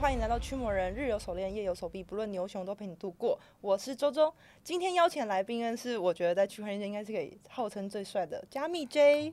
歡迎來到區魔人，日有所鏈，夜有所幣，不論牛熊都陪你度過。我是周周，今天邀請的來賓是我覺得在區塊鏈界應該是可以號稱最帥的加密 J。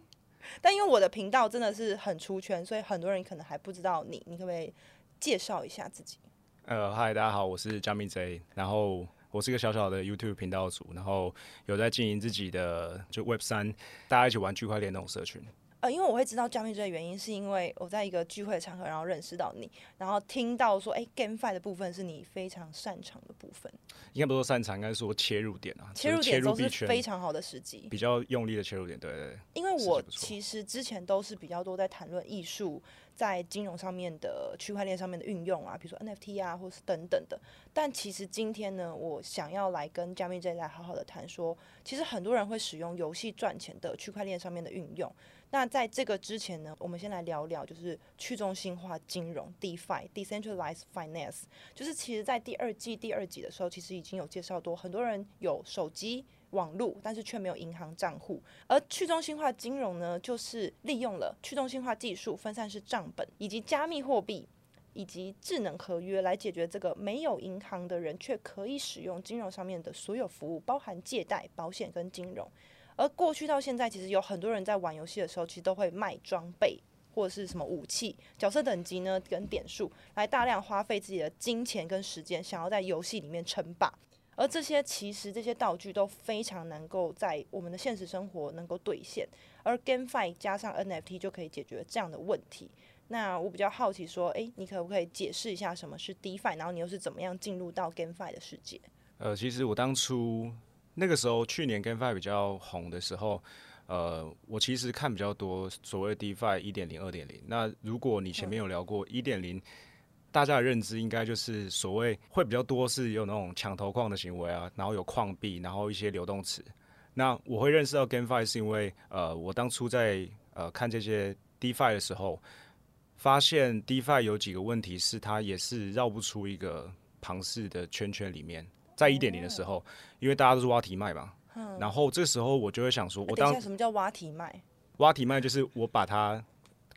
但因為我的頻道真的是很出圈，所以很多人可能還不知道你，你可不可以介紹一下自己？呃，嗨，大家好，我是加密 J，然後我是一個小小的 YouTube 頻道主，然後有在經營自己的就 Web 三，大家一起玩區塊鏈那種社群。呃，因為我會知道加密 J 的原因，是因為我在一個聚會的場合，然後認識到你，然後聽到說，哎，欸，GameFi 的部分是你非常擅長的部分。應該不說擅長，應該說切入點啊，切入點都是非常好的時機，比較用力的切入點，對對對，因為我其實之前都是比較多在談論藝術，在金融上面的區塊鏈上面的運用啊，比如說 NFT 啊，或是等等的。但其實今天呢，我想要來跟加密 J 來好好的談說，其實很多人會使用遊戲賺錢的區塊鏈上面的運用。那在這個之前呢，我們先來聊聊，就是去中心化金融 （DeFi，Decentralized Finance）。就是其實在第二季、第二集的時候，其實已經有介紹多，很多人有手機網絡，但是卻沒有銀行賬戶。而去中心化金融呢，就是利用了去中心化技術、分散式賬本以及加密貨幣以及智能合約來解決這個沒有銀行的人卻可以使用金融上面的所有服務，包含借貸、保險跟金融。而過去到現在，其實有很多人在玩遊戲的時候，其實都會賣裝備或者是什麼武器、角色等級呢，跟點數來大量花費自己的金錢跟時間，想要在遊戲裡面稱霸。而這些其實這些道具都非常能夠在我們的現實生活能夠兌現。而 GameFi 加上 NFT 就可以解決這樣的問題。那我比較好奇說，誒、欸，你可不可以解釋一下什麼是 DeFi，然後你又是怎麼樣進入到 GameFi 的世界？呃，其實我當初。那個時候，去年 GameFi 比較紅的時候，呃，我其實看比較多所謂 DeFi 一點零、二點零。那如果你前面有聊過一點零，大家的認知應該就是所謂會比較多是有那種搶頭礦的行為啊，然後有礦幣，然後一些流動池。那我會認識到 GameFi 是因為，呃，我當初在呃看這些 DeFi 的時候，發現 DeFi 有幾個問題，是它也是繞不出一個龐氏的圈圈裡面。在一點零的時候，嗯、因為大家都是挖提賣嘛，嗯、然後這時候我就會想說，我當、啊、等一下、什麼叫挖提賣？挖提賣就是我把它，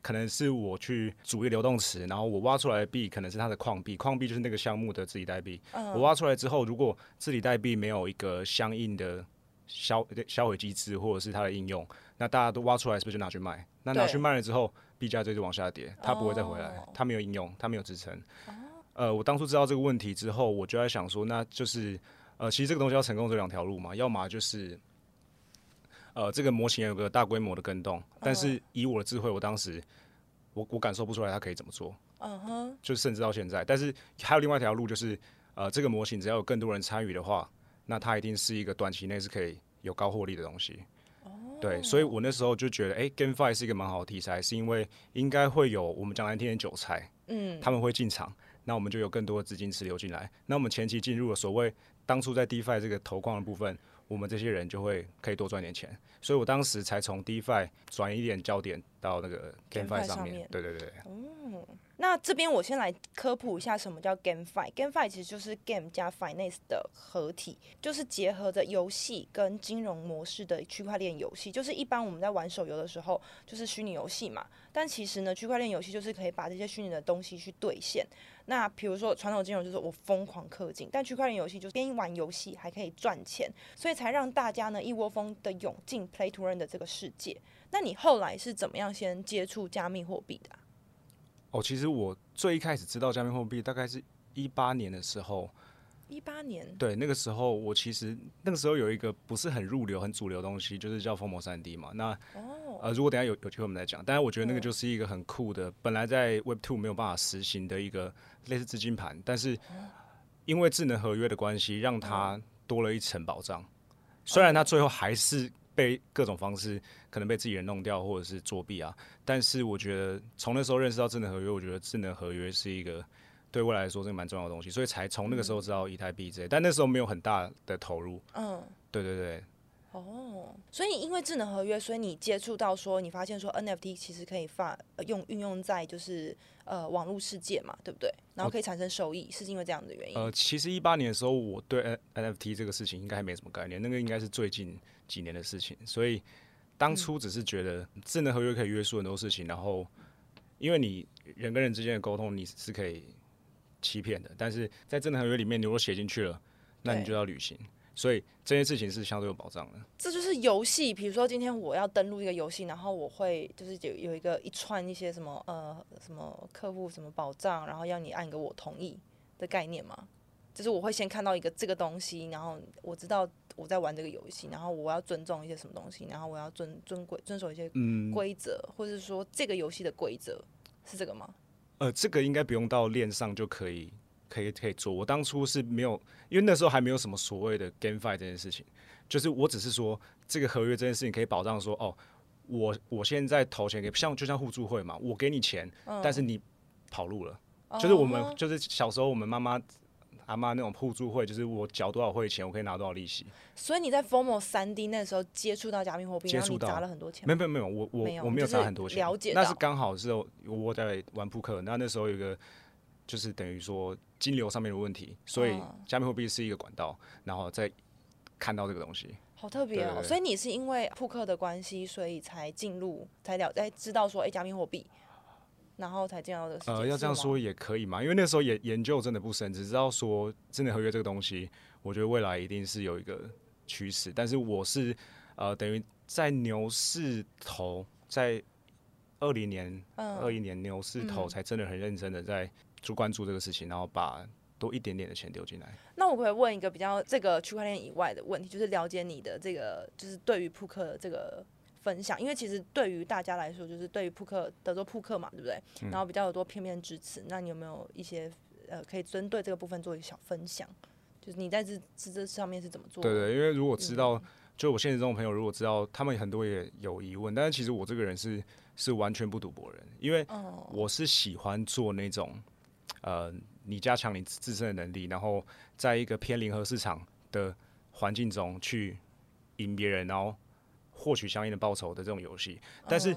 可能是我去組一個流動池，然後我挖出來的幣可能是它的礦幣，礦幣就是那個項目的治理代幣。嗯、我挖出來之後，如果治理代幣沒有一個相應的消銷毀機制或者是它的應用，那大家都挖出來是不是就拿去賣？對那拿去賣了之後，幣價就是往下跌，它不會再回來，哦、它沒有應用，它沒有支撐。啊呃，我當初知道這個問題之後，我就在想說，那就是，呃，其實這個東西要成功，這兩條路嘛，要麼就是，呃，這個模型有個大規模的更動，但是以我的智慧，我當時我我感受不出來它可以怎麼做，嗯哼、uh，huh. 就甚至到現在，但是還有另外一條路，就是，呃，這個模型只要有更多人參與的話，那它一定是一個短期內是可以有高獲利的東西，哦，oh. 對，所以我那時候就覺得，哎、欸，GameFi 是一個蠻好的題材，是因為應該會有我們講難聽點韭菜，嗯，mm. 他們會進場。那我們就有更多的資金池流進來。那我們前期進入了所謂當初在 DeFi 這個投礦的部分，我們這些人就會可以多賺點錢。所以我當時才從 DeFi 轉移一點焦點。到那個 GameFi 上面，上面對對對，嗯、哦，那這邊我先來科普一下什麼叫 GameFi。GameFi 其實就是 Game 加 Finance 的合體，就是結合着遊戲跟金融模式的區塊鏈遊戲。就是一般我們在玩手遊的時候，就是虛擬遊戲嘛，但其實呢，區塊鏈遊戲就是可以把這些虛擬的東西去兌現。那比如說傳統金融就是我瘋狂氪金，但區塊鏈遊戲就是邊玩遊戲還可以賺錢，所以才讓大家呢一窩蜂的湧進 Play To Earn 的這個世界。那你後來是怎麼樣先接觸加密貨幣的、啊？哦，其實我最一開始知道加密貨幣大概是一八年的時候。一八年。對，那個時候我其實那個時候有一個不是很入流、很主流的東西，就是叫 Fomo3D 嘛。那哦，呃，如果等下有有機會我們來講。但是我覺得那個就是一個很酷的，嗯、本來在 Web Two 沒有辦法實行的一個類似資金盤，但是因為智能合約的關係，讓它多了一層保障。嗯、雖然它最後還是。被各種方式可能被自己人弄掉，或者是作弊啊。但是我覺得從那時候認識到智能合約，我覺得智能合約是一個對我來說真的蠻重要的東西，所以才從那個時候知道以太幣之類。但那時候沒有很大的投入。嗯，對對對。哦，oh, 所以因為智能合約，所以你接觸到說，你發現說 NFT 其實可以發、呃、用運用在就是呃網絡世界嘛，對不對？然後可以產生收益，呃、是因為這樣的原因。呃，其實一八年的時候，我對 NFT 這個事情應該還沒什麼概念，那個應該是最近幾年的事情。所以當初只是覺得智能合約可以約束很多事情，嗯、然後因為你人跟人之間的溝通你是可以欺騙的，但是在智能合約裡面，你如果寫進去了，那你就要履行。所以這些事情是相對有保障的。這就是遊戲，比如說今天我要登錄一個遊戲，然後我會就是有有一個一串一些什麼呃什麼客戶什麼保障，然後要你按一個我同意的概念嘛。就是我會先看到一個這個東西，然後我知道我在玩這個遊戲，然後我要尊重一些什麼東西，然後我要遵尊，尊規遵守一些規則，嗯、或是說這個遊戲的規則是這個嗎？呃，這個應該不用到鏈上就可以。可以可以做，我當初是沒有，因為那時候還沒有什麼所謂的 GameFi 這件事情，就是我只是說這個合約這件事情可以保障說，哦，我我現在投錢給像就像互助會嘛，我給你錢，嗯、但是你跑路了，嗯、就是我們就是小時候我們媽媽阿媽那種互助會，就是我繳多少會錢，我可以拿多少利息。所以你在 FOMO3D 那時候接觸到加密貨幣，接觸到砸了很多錢？沒有沒有沒有，我我有我沒有砸很多錢，了解。那是剛好是我，我在玩撲克，那那時候有個。就是等於說金流上面的問題，所以加密貨幣是一個管道，然後再看到這個東西，嗯、好特別哦。對對對，所以你是因為撲克的關係，所以才進入，才了，才知道說哎、欸，加密貨幣，然後才見到的。呃，要這樣說也可以嘛，因為那時候也研究真的不深，只知道說智能合約這個東西，我覺得未來一定是有一個趨勢。但是我是呃，等於在牛市頭，在二零年、二一、嗯、年牛市頭才真的很認真的在、嗯。在多關注這個事情，然後把多一點點的錢丟進來。那我可以問一個比較這個區塊鏈以外的問題，就是了解你的這個，就是對於撲克的這個分享。因為其實對於大家來說，就是對於撲克德州撲克嘛，對不對？然後比較有多片面支持。那你有沒有一些呃，可以針對這個部分做一個小分享？就是你在這這這上面是怎麼做的？對，對對，因為如果知道，嗯、就我現實中的朋友如果知道，他們很多也有疑問。但是其實我這個人是是完全不賭博人，因為我是喜歡做那種。嗯呃，你加強你自身的能力，然後在一個偏零和市場的環境中去贏別人，然後獲取相應的報酬的這種遊戲。但是，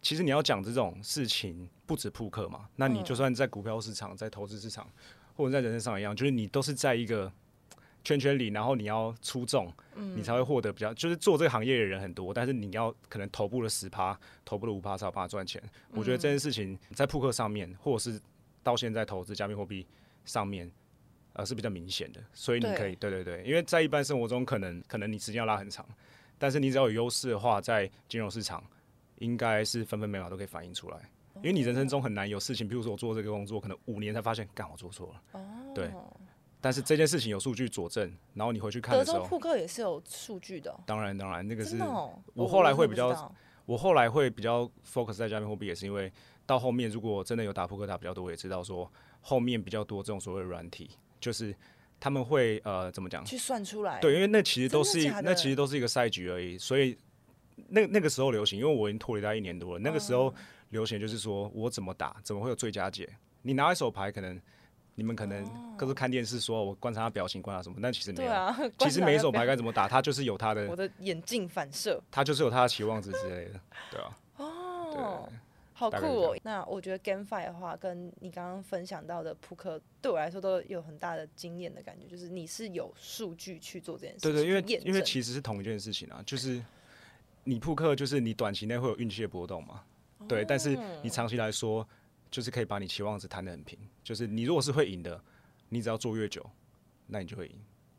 其實你要講這種事情不止撲克嘛？那你就算在股票市場、在投資市場，或者在人生上一樣，就是你都是在一個圈圈裡，然後你要出眾，你才會獲得比較。就是做這個行業的人很多，但是你要可能頭部的十趴、頭部的五趴、少趴賺錢。我覺得這件事情在撲克上面，或者是。到現在投資加密貨幣上面，呃是比較明顯的，所以你可以對，對對對，因為在一般生活中可能可能你時間要拉很長，但是你只要有優勢的話，在金融市場應該是分分秒秒都可以反映出來，Okay. 因為你人生中很難有事情，比如說我做這個工作，可能五年才發現，哎，我做錯了。哦，oh. 對，但是這件事情有數據佐證，然後你回去看的時候，德州撲克也是有數據的。哦。當然當然，那個是、哦、我後來會比較，我，我後來會比較 focus 在加密貨幣，也是因為。到後面，如果真的有打撲克打比較多，我也知道說後面比較多這種所謂軟體，就是他們會呃怎麼講？去算出來？對，因為那其實都是一那其實都是一個賽局而已，所以那那個時候流行，因為我已經脫離他一年多了。那個時候流行就是說，我怎麼打，怎麼會有最佳解？你拿一手牌，可能你們可能各自看電視，說我觀察他表情，觀察什麼？但其實沒有，其實每一手牌該怎麼打，他就是有他的我的眼鏡反射，他就是有他的期望值之之類的， 哦、對啊，哦。好酷哦！那我覺得 GameFi 的話，跟你剛剛分享到的撲克，對我來說都有很大的經驗的感覺。就是你是有數據去做這件事情，對，對對，因為證因為其實是同一件事情啊，就是你撲克就是你短期內會有運氣的波動嘛，對，哦、但是你長期來說，就是可以把你期望值攤得很平。就是你如果是會贏的，你只要做越久，那你就會贏。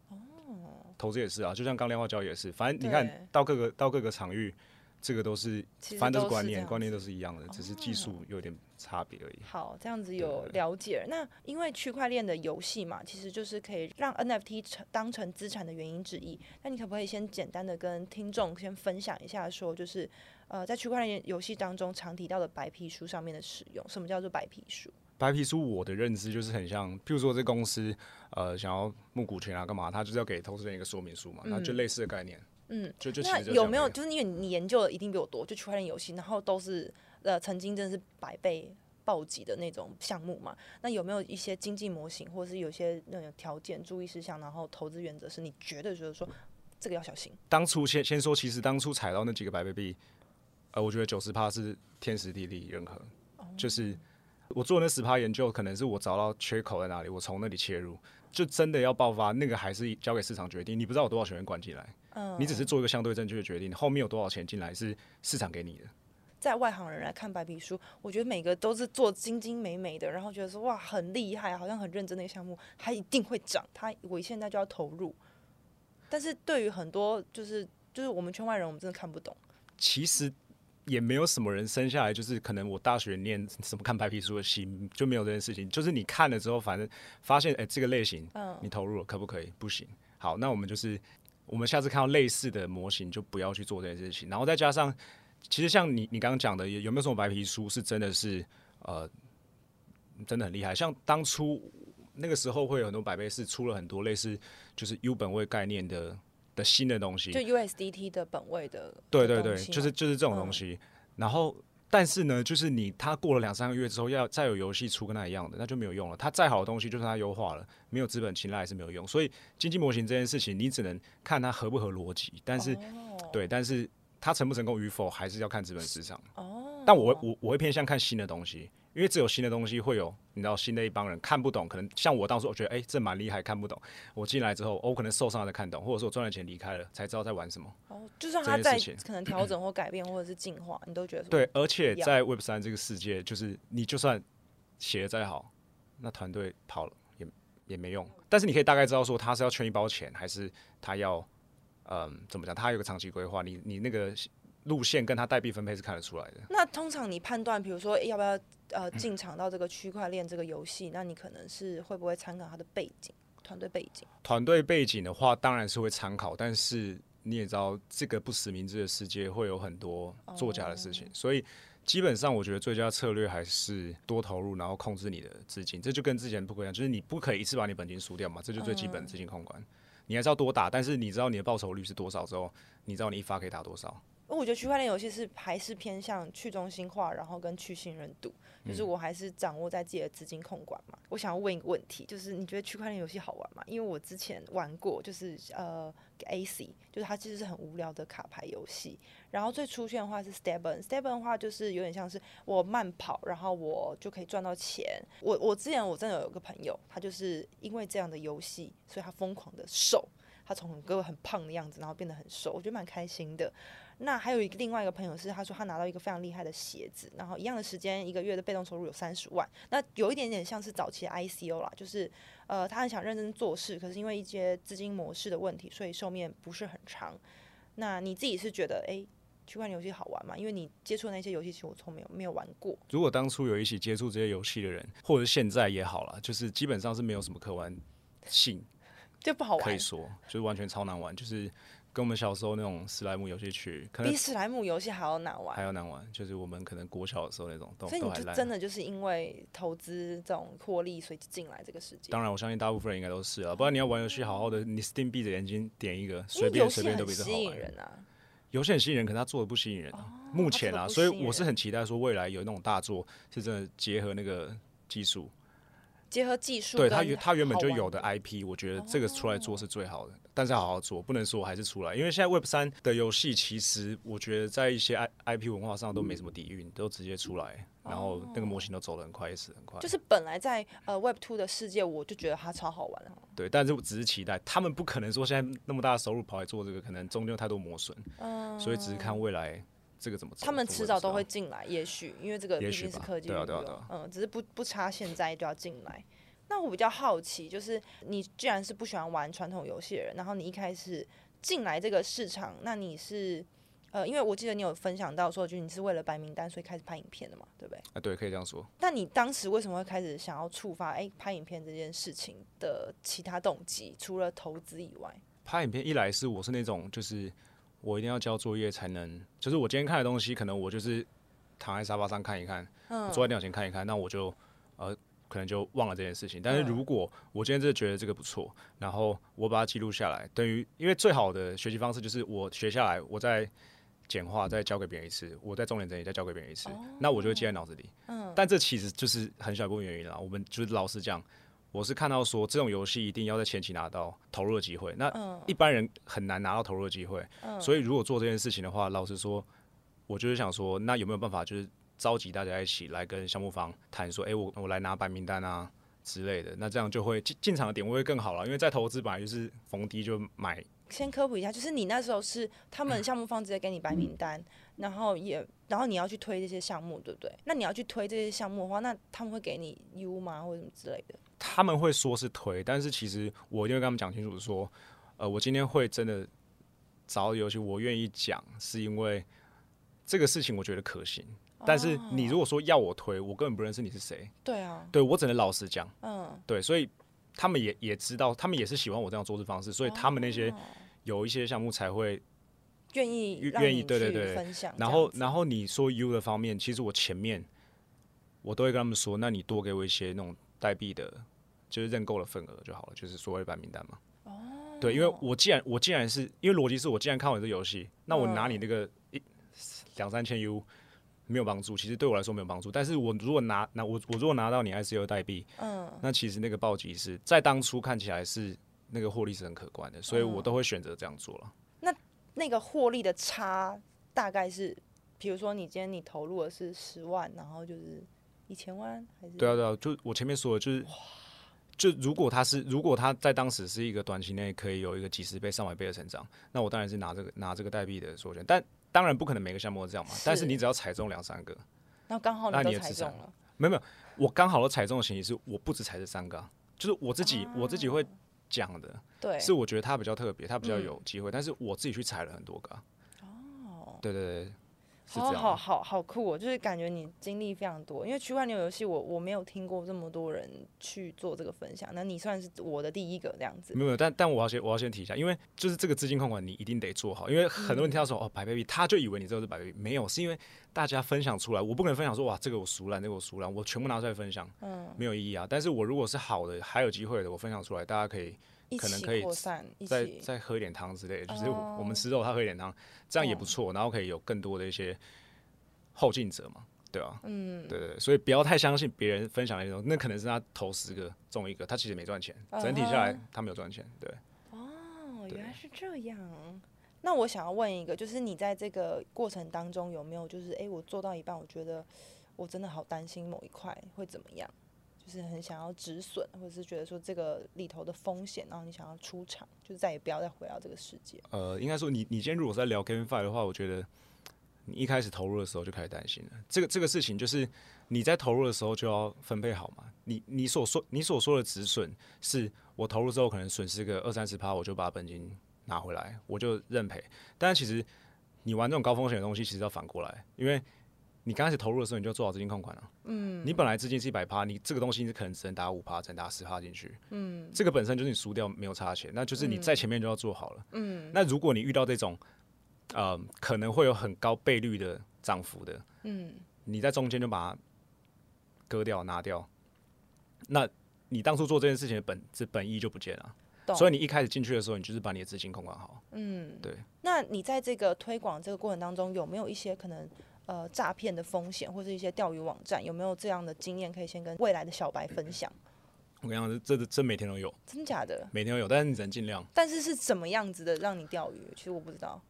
哦，投資也是啊，就像剛量化交易也是，反正你看到各個對到各個場域。這個都是，反正都是觀念，觀念都是一樣的，都是這樣子。只是技術有點差別而已。Oh, right. 好，這樣子有了解了。對。那因為區塊鏈的遊戲嘛，其實就是可以讓 NFT 成當成資產的原因之一。那你可不可以先簡單的跟聽眾先分享一下，說就是，呃，在區塊鏈遊戲當中常提到的白皮書上面的使用，什麼叫做白皮書？白皮書我的認知就是很像，譬如說這公司，呃，想要募股權啊，幹嘛，他就是要給投資人一個說明書嘛，那、嗯、就類似的概念。嗯，就就那有沒有？就是因為你研究的一定比我多，就區塊鏈遊戲，然後都是呃曾經真的是百倍暴擊的那種項目嘛？那有沒有一些經濟模型，或者是有些那種條件、注意事項，然後投資原則是你絕對覺得說這個要小心？當初先先說，其實當初踩到那幾個百倍幣，呃，我覺得九十趴是天時地利人和，嗯，就是我做那十趴研究，可能是我找到缺口在哪裡，我從那裡切入。就真的要爆發，那個還是交給市場決定。你不知道有多少錢要灌進來，嗯，你只是做一個相對正確的決定。後面有多少錢進來是市場給你的。在外行人來看白皮書，我覺得每個都是做精精美美的，然後覺得說哇，很厲害，好像很認真的一個項目，它一定會漲，它我現在就要投入。但是對於很多就是就是我們圈外人，我們真的看不懂。其實。也沒有什麼人生下來就是，可能我大學念什麼看白皮書的系，就沒有這件事情，就是你看了之後，反正發現哎、欸、這個類型，嗯，你投入了可不可以？不行。好，那我們就是我們下次看到類似的模型，就不要去做這件事情。然後再加上，其實像你你剛剛講的，有有沒有什麼白皮書是真的是呃真的很厲害？像當初那個時候會有很多百倍幣出了很多類似就是 U 本位概念的的新的東西，就 USDT 的本位的，對對對，就是就是這種東西。嗯、然後，但是呢，就是你它過了兩三個月之後，要再有遊戲出跟它一樣的，那就沒有用了。它再好的東西，就算它優化了，沒有資本青睞也是沒有用。所以，經濟模型這件事情，你只能看它合不合邏輯。但是，oh. 對，但是它成不成功與否，還是要看資本市場。哦，oh. 但我我我會偏向看新的東西。因為只有新的東西會有，你知道新的一幫人看不懂，可能像我當時我覺得誒、欸，這蠻厲害，看不懂。我進來之後、哦，我可能受傷了才看懂，或者是我賺了錢離開了才知道在玩什麼。哦，就算他在可能調整或改變或者是進化，咳咳你都覺得對。而且在 Web 三這個世界， 就是你就算寫的再好，那團隊跑了也也沒用。嗯、但是你可以大概知道說他是要圈一包錢，還是他要嗯、呃、怎麼講？他有個長期規劃。你你那個。路線跟他代幣分配是看得出來的。那通常你判斷，比如說要不要呃進場到這個區塊鏈這個遊戲，嗯、那你可能是會不會參考它的背景，團隊背景？團隊背景的話，當然是會參考，但是你也知道這個不實名制的世界會有很多作假的事情，哦、所以基本上我覺得最佳策略還是多投入，然後控制你的資金。這就跟之前不不一樣，就是你不可以一次把你本金輸掉嘛，這就是最基本的資金控管。嗯、你還是要多打，但是你知道你的報酬率是多少之後，你知道你一發可以打多少。我覺得區塊鏈遊戲是還是偏向去中心化，然後跟去信任度，就是我還是掌握在自己的資金控管嘛。嗯、我想要問一個問題，就是你覺得區塊鏈遊戲好玩嗎？因為我之前玩過，就是呃，AC，就是它其實是很無聊的卡牌遊戲。然後最出圈的話是 s t e b e n s t e b e n STEPN，STEPN 的話就是有點像是我慢跑，然後我就可以賺到錢。我我之前我真的有一個朋友，他就是因為這樣的遊戲，所以他瘋狂的瘦，他從一個很胖的樣子，然後變得很瘦，我覺得蠻開心的。那還有一個另外一個朋友是，他說他拿到一個非常厲害的鞋子，然後一樣的時間一個月的被動收入有三十萬，那有一點點像是早期的 ICO 啦，就是呃他很想認真做事，可是因為一些資金模式的問題，所以壽命不是很長。那你自己是覺得哎區塊鏈遊戲好玩嗎？因為你接觸那些遊戲其實我從沒有沒有玩過。如果當初有一起接觸這些遊戲的人，或者現在也好啦，就是基本上是沒有什麼可玩性。就不好玩，可以說，就是完全超難玩，就是跟我們小時候那種史萊姆遊戲區，可能比史萊姆遊戲還要難玩，還要難玩。就是我們可能國小的時候那種都，所以你就真的就是因為投資這種獲利，所以進來這個世界。當然，我相信大部分人應該都是啊，不然你要玩遊戲好好的，你 Steam 閉着眼睛點一個，隨便隨便都比較好玩。遊戲很、啊、很吸引人，可是他做的不吸引人、啊，哦、目前啊，不所以我是很期待說未來有那種大作是真的結合那個技術。結合技術，對他原他原本就有的 IP，的我覺得這個出來做是最好的，哦、但是好好做，不能說我還是出來，因為現在 Web 三的遊戲其實我覺得在一些 i IP 文化上都沒什麼底蘊，都直接出來，然後那個模型都走得很快，也是、哦、很快。就是本來在呃 Web 二的世界，我就覺得它超好玩了。對，但是我只是期待，他們不可能說現在那麼大的收入跑來做這個，可能中間有太多磨損，嗯、所以只是看未來。這個怎麼他們遲早都會進來，啊、也許因為這個畢竟是科技，啊啊啊啊、嗯，只是不不差，現在就要進來。那我比較好奇，就是你既然是不喜歡玩傳統遊戲的人，然後你一開始進來這個市場，那你是呃，因為我記得你有分享到說，就你是為了白名單所以開始拍影片的嘛，對不對？啊，對，可以這樣說。那你當時為什麼會開始想要觸發哎、欸、拍影片這件事情的其他動機？除了投資以外，拍影片一來是我是那種就是。我一定要交作業才能，就是我今天看的東西，可能我就是躺在沙發上看一看，嗯、我坐在電腦前看一看，那我就呃可能就忘了這件事情。但是如果我今天真的覺得這個不錯，然後我把它記錄下來，等於因為最好的學習方式就是我學下來，我再簡化，嗯、再教給別人一次，我再重點整理，再教給別人一次，哦、那我就會記在腦子裡。嗯，但這其實就是很小一部分原因啦。我們就是老實講。我是看到說這種遊戲一定要在前期拿到投入的機會，那一般人很難拿到投入的機會，所以如果做這件事情的話，老實說，我就是想說，那有沒有辦法就是召集大家一起來跟項目方談說，哎、欸，我我來拿白名單啊之類的，那這樣就會進場的點位會更好了，因為在投資本來就是逢低就買。先科普一下，就是你那時候是他們項目方直接給你白名單，嗯、然後也然後你要去推這些項目，對不對？那你要去推這些項目的話，那他們會給你 U 嗎，或者什麼之類的？他們會說是推，但是其實我一定會跟他們講清楚說，呃，我今天會真的找遊戲，我願意講，是因為這個事情我覺得可行。但是你如果說要我推，我根本不認識你是誰。對啊。對我只能老實講，嗯，對，所以他們也也知道，他們也是喜歡我這樣做事方式，所以他們那些。哦有一些項目才會願意願意，對對對分享，然後然後你說 U 的方面，其實我前面我都會跟他們說，那你多給我一些那種代幣的，就是認購的份額就好了，就是所謂白名單嘛。哦，對，因為我既然我既然是因為邏輯是我既然看完這遊戲，那我拿你那個一兩三千 U 沒有幫助，其實對我來說沒有幫助。但是我如果拿拿我我如果拿到你 ICO 代幣，嗯，那其實那個暴擊是在當初看起來是。那個獲利是很可觀的，所以我都會選擇這樣做了、嗯。那那個獲利的差大概是，比如說你今天你投入的是十萬，然後就是一千萬還是？對啊對啊，就我前面說的，就是，哇就如果他是，如果他在當時是一個短期內可以有一個幾十倍、上百倍的成長，那我當然是拿這個拿這個代幣的做權。但當然不可能每個項目都這樣嘛，是但是你只要踩中兩三個，那剛好你那你也踩中了。沒有沒有，我剛好的踩中的情形是，我不止踩這三個、啊，就是我自己、啊、我自己會。講的，對，是我覺得他比較特別，他比較有機會，嗯，但是我自己去踩了很多個，啊，哦，對對對。好好好，好酷哦！Oh, oh, oh, oh, cool. 就是感覺你經歷非常多，因為區塊鏈遊戲，我我沒有聽過這麼多人去做這個分享，那你算是我的第一個這樣子。沒有，但但我要先我要先提一下，因為就是這個資金控管你一定得做好，因為很多人聽到說、嗯、哦白 baby，他就以為你這個是白 baby，沒有是因為大家分享出來，我不可能分享說，哇這個我熟了，那、這個我熟了，我全部拿出來分享，嗯，沒有意義啊。嗯、但是我如果是好的，還有機會的，我分享出來，大家可以。一起擴散可能可以再一起再喝一點湯之類的。就是我們吃肉，他喝一點湯，uh, 這樣也不錯。嗯、然後可以有更多的一些後進者嘛，對吧、啊？嗯，對，對對，所以不要太相信別人分享的那種，那可能是他投十個中一個，他其實沒賺錢，uh huh、整體下來他沒有賺錢。對，哦，原來是這樣。那我想要問一個，就是你在這個過程當中有沒有，就是哎、欸，我做到一半，我覺得我真的好擔心某一塊會怎麼樣？是很想要止損，或者是覺得說這個裡頭的風險，然後你想要出場，就再也不要再回到這個世界。呃，應該說你你今天如果在聊 GameFi 的話，我覺得你一開始投入的時候就開始擔心了。這個這個事情就是你在投入的時候就要分配好嘛。你你所說你所說的止損，是我投入之後可能損失個二三十趴，我就把本金拿回來，我就認賠。但是其實你玩這種高風險的東西，其實要反過來，因為。你剛開始投入的時候，你就要做好資金控管了。嗯，你本來資金是一百趴，你這個東西你可能只能打五趴，只能打十趴進去。嗯，這個本身就是你輸掉沒有差錢，那就是你在前面就要做好了。嗯，那如果你遇到這種、呃、可能會有很高倍率的漲幅的，嗯，你在中間就把它割掉拿掉，那你當初做這件事情的本這本意就不見了。所以你一開始進去的時候，你就是把你的資金控管好。嗯，對。那你在這個推廣這個過程當中，有沒有一些可能？呃，詐騙的風險或者一些釣魚網站，有沒有這樣的經驗可以先跟未來的小白分享？我跟你講，這這每天都有。真假的？每天都有，但是你只能盡量。但是是怎麼樣子的讓你釣魚？其實我不知道。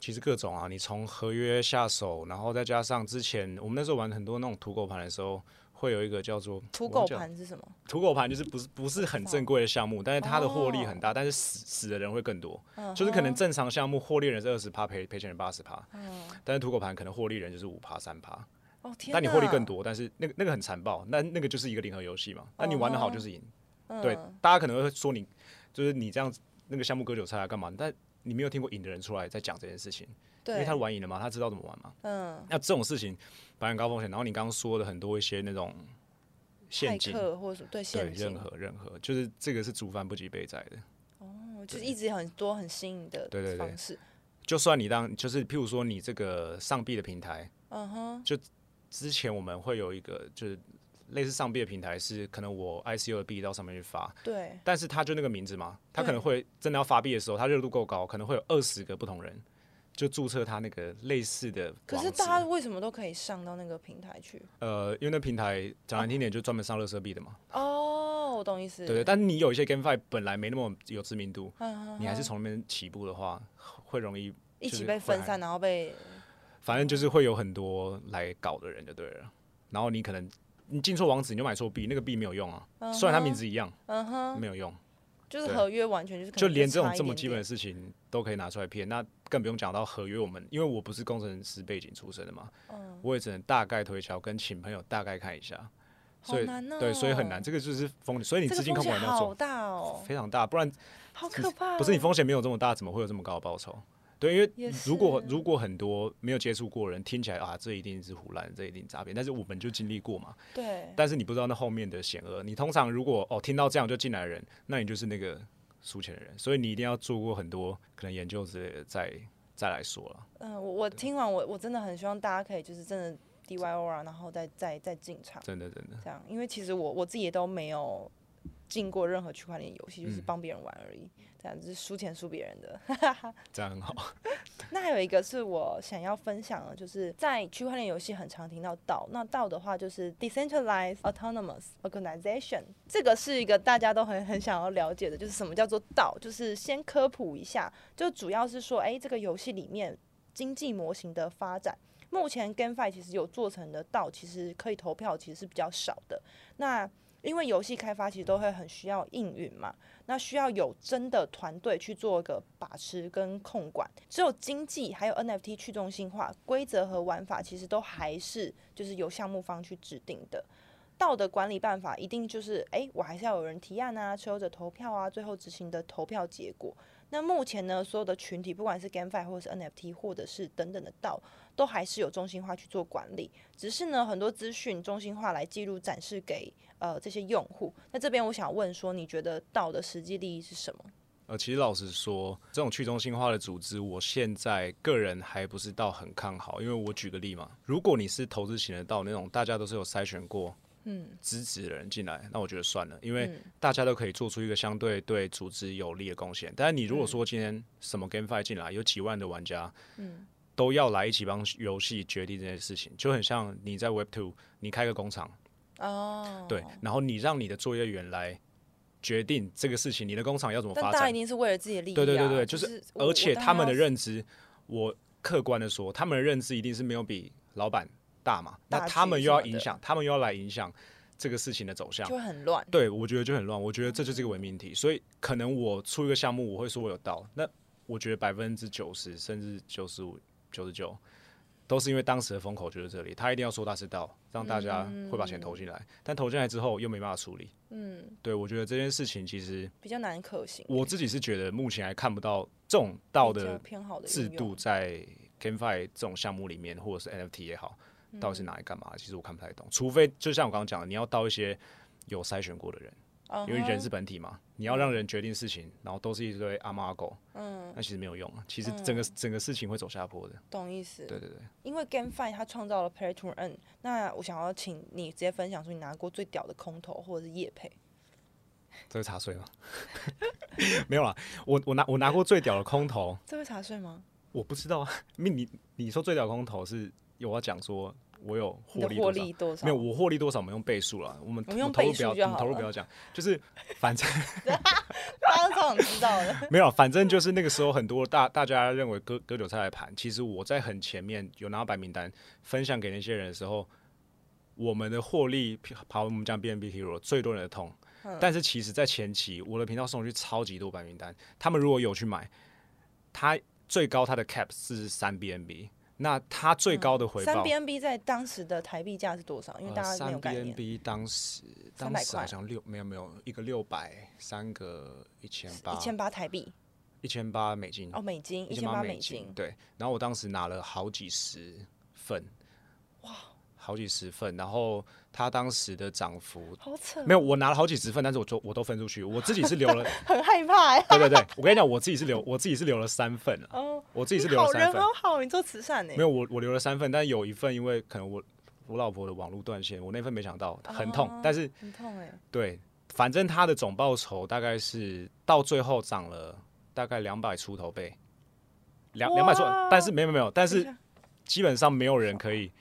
其實各種啊，你從合約下手，然後再加上之前我們那時候玩很多那種土狗盤的時候。會有一個叫做土狗盤，是什麼？土狗盤就是不是不是很正規的項目，哦、但是它的獲利很大，但是死死的人會更多。哦、就是可能正常項目獲利人是二十趴，賠賠錢人八十趴。哦。但是土狗盤可能獲利人就是五趴三趴。哦天。那你獲利更多，但是那個那個很殘暴，那那個就是一個零和遊戲嘛。那、哦、你玩得好就是贏。哦、對，嗯、大家可能會說你，就是你這樣子那個項目割韭菜啊，幹嘛？但你沒有聽過贏的人出來在講這件事情。對因為他玩贏了嘛，他知道怎麼玩嘛。嗯，那這種事情，保險高風險。然後你剛剛說的很多一些那種陷阱，或者對對任何任何，就是這個是主犯不及備載的。哦，就是、一直有很多很新穎的對對方式。就算你當就是譬如說你這個上幣的平台，嗯哼，就之前我們會有一個就是類似上幣的平台，是可能我 ICU 的幣到上面去發，對。但是他就那個名字嘛，他可能會真的要發幣的時候，對他熱度夠高，可能會有二十個不同人。就註冊他那個類似的，可是大家為什麼都可以上到那個平台去？呃，因為那平台講難聽點，嗯、就專門上樂色幣的嘛。哦，我懂意思。對，但你有一些 GameFi 本來沒那麼有知名度，嗯、哼哼你還是從那邊起步的話，會容易會一起被分散，然後被反正就是會有很多來搞的人就對了。然後你可能你進錯網址，你就買錯幣，那個幣沒有用啊。嗯、哼雖然它名字一樣，嗯、哼沒有用。就是合約完全就是可能，就連這種這麼基本的事情都可以拿出來騙，點點那更不用講到合約。我們因為我不是工程師背景出身的嘛，嗯、我也只能大概推敲跟請朋友大概看一下，所以、啊、對，所以很難。這個就是風險，所以你資金控管要做、哦、非常大。不然好可怕、啊，不是你風險沒有這麼大，怎麼會有這麼高的報酬？對，因為如果是如果很多沒有接觸過的人，聽起來啊，這一定是唬爛，這一定詐騙。但是我們就經歷過嘛，對。但是你不知道那後面的險惡。你通常如果哦聽到這樣就進來的人，那你就是那個輸錢的人。所以你一定要做過很多可能研究之類的再，再再來說啦。嗯、呃，我我聽完我我真的很希望大家可以就是真的 DYOR 啊，然後再再再進場。真的真的。這樣，因為其實我我自己也都沒有。經過任何區塊鏈遊戲，就是幫別人玩而已，嗯、這樣子，就是輸錢輸別人的，哈哈哈。這樣很好。 那還有一個是我想要分享的，就是在區塊鏈遊戲很常聽到 DAO，那 DAO 的話就是 Decentralized Autonomous Organization，這個是一個大家都很很想要了解的，就是什麼叫做 DAO，就是先科普一下，就主要是說，哎，欸，這個遊戲裡面經濟模型的發展，目前 GameFi 其實有做成的 DAO，其實可以投票，其實是比較少的。那因為遊戲開發其實都會很需要營運嘛，那需要有真的團隊去做一個把持跟控管。只有經濟還有 NFT 去中心化規則和玩法，其實都還是就是由項目方去制定的。道德管理辦法一定就是，哎、欸，我還是要有人提案啊，持有者投票啊，最後執行的投票結果。那目前呢，所有的群體，不管是 GameFi 或者是 NFT，或者是等等的 DAO，都還是有中心化去做管理。只是呢，很多資訊中心化來記錄、展示給呃這些用戶。那這邊我想問說，你覺得 DAO 的實際利益是什麼？呃，其實老實說，這種去中心化的組織，我現在個人還不是到很看好。因為我舉個例嘛，如果你是投資型的 DAO，那種大家都是有篩選過。嗯，支持的人進來，那我覺得算了，因為大家都可以做出一個相對對組織有利的貢獻。嗯、但是你如果說今天什麼 GameFi 進來，有幾萬的玩家，嗯，都要來一起幫遊戲決定這件事情，就很像你在 web two，你開個工廠，哦，對，然後你讓你的作業員來決定這個事情，你的工廠要怎麼發展，一定是為了自己的利益、啊。對對對對，就是，而且他們的認知，我客觀的說，他們的認知一定是沒有比老板。大嘛，那他們又要影響，他們又要來影響這個事情的走向，就很亂。對，我覺得就很亂。我覺得這就是一個偽命題，嗯、所以可能我出一個項目，我會說我有道。那我覺得百分之九十甚至九十五、九十九都是因為當時的風口就是這裡，他一定要說他是道，讓大家會把錢投進來。嗯、但投進來之後又沒辦法處理。嗯，對我覺得這件事情其實比較難可行、欸。我自己是覺得目前還看不到這種道的的制度在 GameFi 這種項目裡面，或者是 NFT 也好。到底是拿來幹嘛？嗯、其實我看不太懂。除非就像我剛剛講的，你要到一些有篩選過的人，uh、huh, 因為人是本體嘛，你要讓人決定事情，嗯、然後都是一堆阿貓阿狗，嗯，那其實沒有用。其實整個、嗯、整個事情會走下坡的。懂意思？對對對。因為 GameFi 它創造了 Play to Earn，那我想要請你直接分享出你拿過最屌的空投或者是業配？這個查稅嗎？ 沒有了，我我拿我拿過最屌的空投， 這個查稅嗎？我不知道啊，你你你說最屌的空投是？有話講說，我有獲利多少？沒有，我獲利多少？我們用倍數啦，我們投入不要，投入不要講，就是反正大家這種知道的，沒有，反正就是那個時候，很多大大家認為割割韭菜的盤，其實我在很前面有拿到白名單分享給那些人的時候，我們的獲利跑我們講 BNB Hero 最多人的痛，但是其實在前期我的頻道送去超級多白名單，他們如果有去買，他最高他的 cap 是三 BNB。B 那它最高的回報？三、嗯、B N B 在當時的台幣價是多少？因為大家沒有概念。三、呃、B N B 當時，當時好像六沒有沒有一個六百三個一千八一千八台幣，一千八美金哦，美金一千八美金，一千八美金對。然後我當時拿了好幾十份，哇，好幾十份，然後。他當時的漲幅，好扯沒有，我拿了好幾十份，但是我就我都分出去，我自己是留了， 很害怕呀，欸。對對對，我跟你講，我自己是留，我自己是留了三份哦，啊，oh, 我自己是留了三份。你好人好好，你做慈善，欸，沒有，我我留了三份，但是有一份因為可能我我老婆的網絡斷線，我那份沒想到很痛，oh, 但是很痛，欸，對，反正他的總報酬大概是到最後漲了大概兩百出頭倍，兩兩百 Wow 出，但是沒有，沒有沒有，但是基本上沒有人可以。Oh.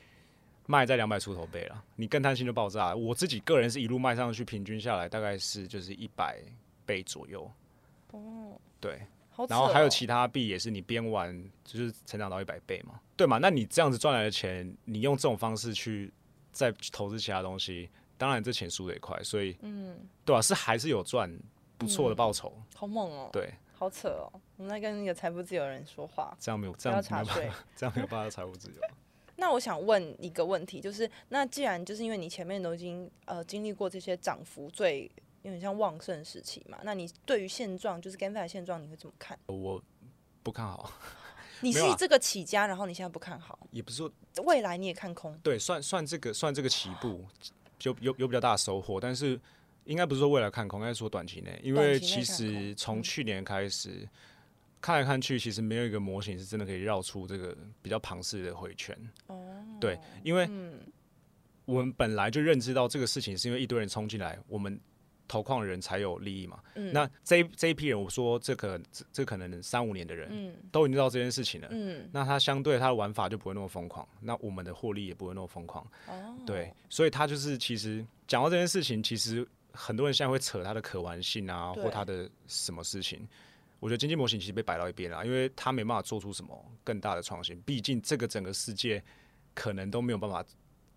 賣在兩百出頭倍了，你更貪心就爆炸了。我自己個人是一路賣上去，平均下來大概是就是一百倍左右。Oh. 對哦，對，然後還有其他幣也是你邊玩就是成長到一百倍嘛，對嘛？那你這樣子賺來的錢，你用這種方式去再投資其他東西，當然這錢輸得也快，所以嗯，對吧、啊？是還是有賺不錯的報酬、嗯，好猛哦，對，好扯哦，我在跟那個財富自由人說話，這樣沒有這樣查稅，這樣沒有辦法財富自由。 那我想問一個問題，就是那既然就是因為你前面都已經呃經歷過這些漲幅最有點像旺盛時期嘛，那你對於現狀就是 GameFi 的現狀你會怎麼看？我不看好。 你是這個起家，然後你現在不看好？也不是說未來你也看空？對，算算這個算這個起步就有有有比較大的收穫，但是應該不是說未來看空，應該說短期內，因為其實從去年開始。看來看去，其實沒有一個模型，是真的可以繞出這個比較龐氏的回圈。哦、對，因為，我們本來就認知到這個事情，是因為一堆人衝進來，我們投礦人才有利益嘛。嗯、那這一這一批人，我說這個這，這可能三五年的人，都已經知道這件事情了。嗯、那他相對他的玩法就不會那麼瘋狂，那我們的獲利也不會那麼瘋狂。哦、對，所以他就是其實講到這件事情，其實很多人現在會扯他的可玩性啊，對或他的什麼事情，我覺得經濟模型其實被擺到一邊了，因為它沒辦法做出什麼更大的創新。畢竟這個整個世界可能都沒有辦法，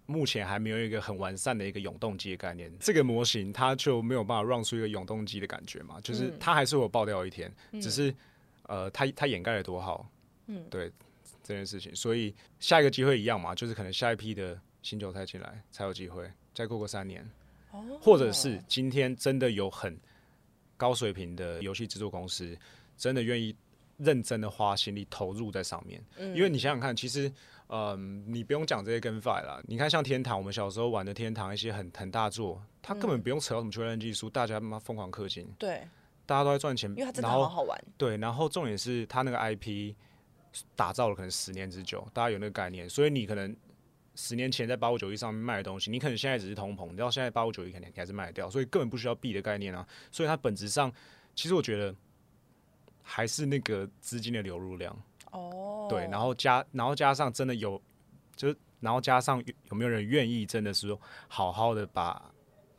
目前還沒有一個很完善的一個永動機的概念。這個模型它就沒有辦法讓出一個永動機的感覺嘛，就是它還是會有爆掉一天，嗯、只是呃，它它掩蓋了多好。嗯，對這件事情，所以下一個機會一樣嘛，就是可能下一批的新韭菜進來才有機會。再過個三年，或者是今天真的有很。高水平的遊戲制作公司真的願意認真的花心力投入在上面，嗯，因為你想想看，其實，嗯、呃，你不用講這些 GameFi 啦，你看像天堂，我們小時候玩的天堂，一些很，很大作，他根本不用扯到什麼確認技術，大家媽瘋狂氪金，對、嗯，大家都在賺錢，因為它真的好好玩，對，然後重點是他那個 IP 打造了可能十年之久，大家有那個概念，所以你可能。十年前在八五九一上面賣的東西，你可能現在只是通膨，你到現在八五九一肯定還是賣掉，所以根本不需要幣的概念啊。所以它本質上，其實我覺得還是那個資金的流入量哦，oh. 對，然後加然後加上真的有，就是然後加上有，有沒有人願意真的是說好好的把。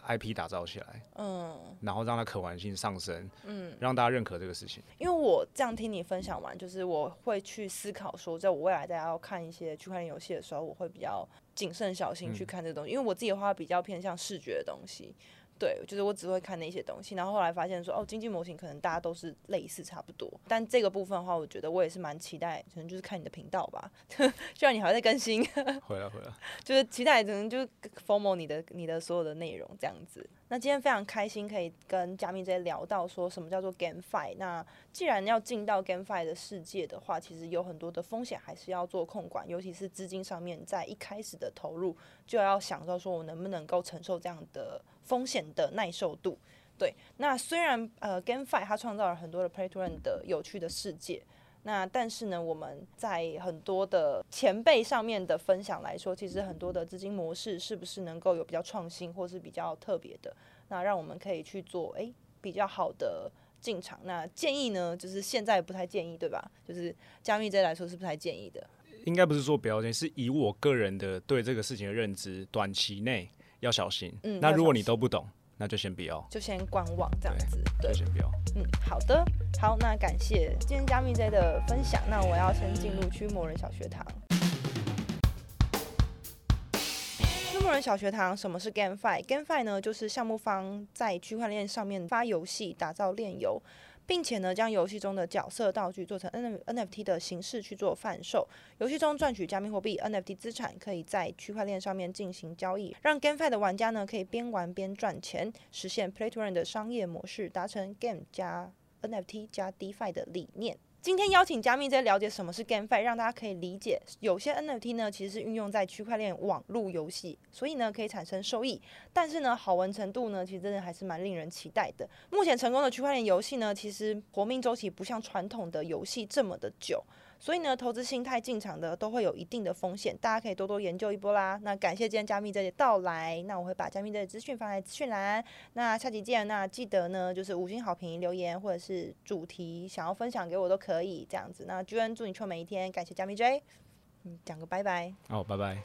IP 打造起來，嗯，然後讓它可玩性上升，嗯，讓大家認可這個事情。因為我這樣聽你分享完，就是我會去思考說，在我未來大家要看一些區塊鏈遊戲的時候，我會比較謹慎小心去看這個東西，嗯，因為我自己的話比較偏向視覺的東西。對，就是我只會看那些東西，然後後來發現說，哦，經濟模型可能大家都是類似差不多，但這個部分的話，我覺得我也是蠻期待，可能就是看你的頻道吧，就，讓你還在更新，回來回來，就是期待，可能就 FOMO 你的你的所有的內容這樣子。那今天非常開心可以跟加密 J 聊到說什麼叫做 GameFi。那既然要進到 GameFi 的世界的話，其實有很多的風險，還是要做控管，尤其是資金上面，在一開始的投入就要想到說，說我能不能夠承受這樣的風險的耐受度。對，那雖然呃 GameFi 它創造了很多的 Play to Earn 的有趣的世界。那但是呢，我們在很多的前輩上面的分享來說，其實很多的資金模式是不是能夠有比較創新或是比較特別的，那讓我們可以去做哎、欸、比較好的進場。那建議呢，就是現在不太建議，對吧？就是加密這來說是不太建議的。應該不是說不要建議，是以我個人的對這個事情的認知，短期內要小心。嗯，那如果你都不懂。那就先不要，就先觀望這樣子。對，對，嗯，好的，好，那感謝今天加密 J 的分享。那我要先進入區魔人小學堂。區、嗯、魔人小學堂，什麼是 GameFi？GameFi 呢，就是項目方在區塊鏈上面發遊戲，打造鏈遊。並且呢，將遊戲中的角色道具做成 NFT 的形式去做販售，遊戲中賺取加密貨幣 NFT 資產，可以在區塊鏈上面進行交易，讓 GameFi 的玩家呢可以邊玩邊賺錢，實現 Play to Earn 的商業模式，達成 Game 加 NFT 加 DeFi 的理念。今天邀請加密 J 了解什麼是 GameFi，讓大家可以理解，有些 NFT 呢其實是運用在區塊鏈網路遊戲，所以呢可以產生收益。但是呢，好玩程度呢，其實真的還是蠻令人期待的。目前成功的區塊鏈遊戲呢，其實活命周期不像傳統的遊戲這麼的久。所以呢，投資心態進場的都會有一定的風險，大家可以多多研究一波啦。那感謝今天加密 J 到來，那我會把加密 J 的資訊放在資訊欄。那下集見，那記得呢就是五星好評留言或者是主題想要分享給我都可以這樣子。那今天祝你臭美一天，感謝加密 J，嗯，講個拜拜。好，拜拜。